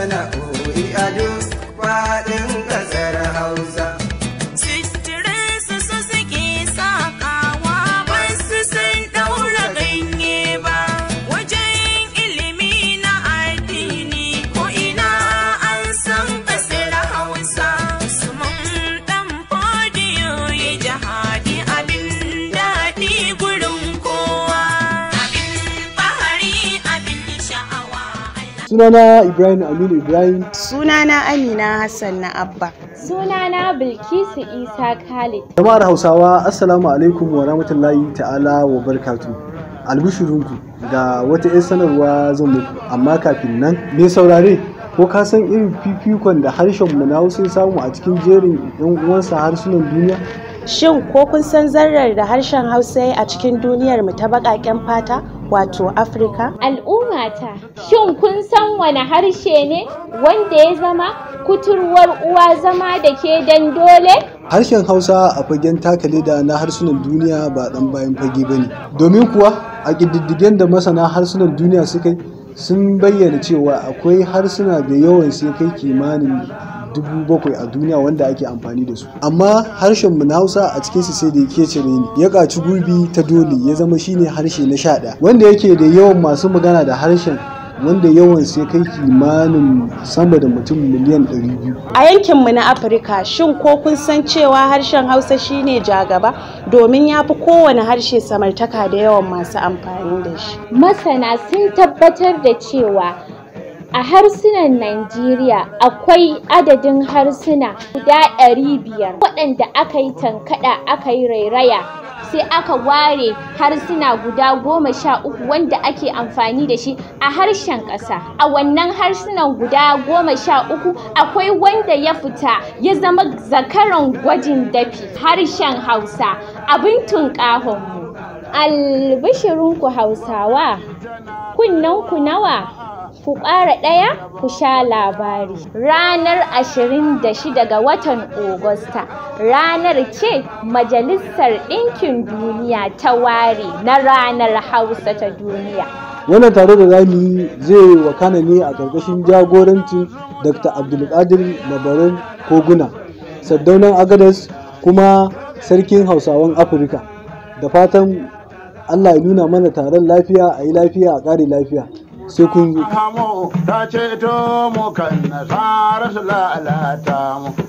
sana'o'i ado faɗin Sunana Ibrahim Aminu Ibrahim. Sunana Amina Hassan na Abba. Sunana Bilkisu Isa Khalid. Jama'ar Hausawa, Assalamu alaikum wa rahmatullahi ta'ala wa barkatu. Albishirinku ga wata 'yan sanarwa zan muku, amma kafin nan, me saurare ko ka san irin fifikon da harshen mu na Hausa samu a cikin jerin 'yan uwansa harsunan duniya? Shin ko kun san zarrar da harshen Hausa a cikin duniyar mu ta baƙaƙen fata? wato Afirka? Al'ummata, shin kun san wani harshe ne wanda ya zama kuturwar uwa zama da ke dan dole? harshen hausa a fagen takali da na harsunan duniya ba dan bayan fage ba ne domin kuwa a ƙididdigen da masana harsunan duniya suka sun bayyana cewa akwai harsuna da yawan sai kai kimanin dubu bakwai a duniya wanda ake amfani da su amma harshen mu na hausa a cikin su sai da yake cire ni ya kaci gurbi ta dole ya zama shine harshe na sha wanda yake da yawan masu magana da harshen wanda yawan sai kai kimanin sama da mutum miliyan 200. A yankin mu na Afirka shin ko kun san cewa harshen Hausa shine jagaba domin yafi kowane harshe samartaka da yawan masu amfani da shi. Masana sun tabbatar da cewa A harsunan Najeriya akwai adadin harsuna guda ɗari biyar waɗanda aka yi tankaɗa aka yi rairaya sai aka ware harsuna guda goma sha uku wanda ake amfani da shi a harshen ƙasa. A wannan harsunan guda goma sha uku akwai wanda ya fita ya zama zakaran gwajin dafi harshen Hausa abin tunƙahonmu. Albishirinku Hausawa, kunnenku nawa? ku ƙara ɗaya ku sha labari. Ranar 26 ga watan Ogusta, ranar ce Majalisar Ɗinkin Duniya ta ware na ranar Hausa ta duniya. Wannan taro da zamu zai wakana ne a ƙarƙashin jagorancin Dr. Abdulkadir Labarin Koguna, Saddaunan Agadas kuma Sarkin Hausawan Afirka. Da fatan Allah ya nuna mana taron lafiya a yi lafiya a ƙare lafiya. sai kun yi ta ceto mu kan nasara su lalata mu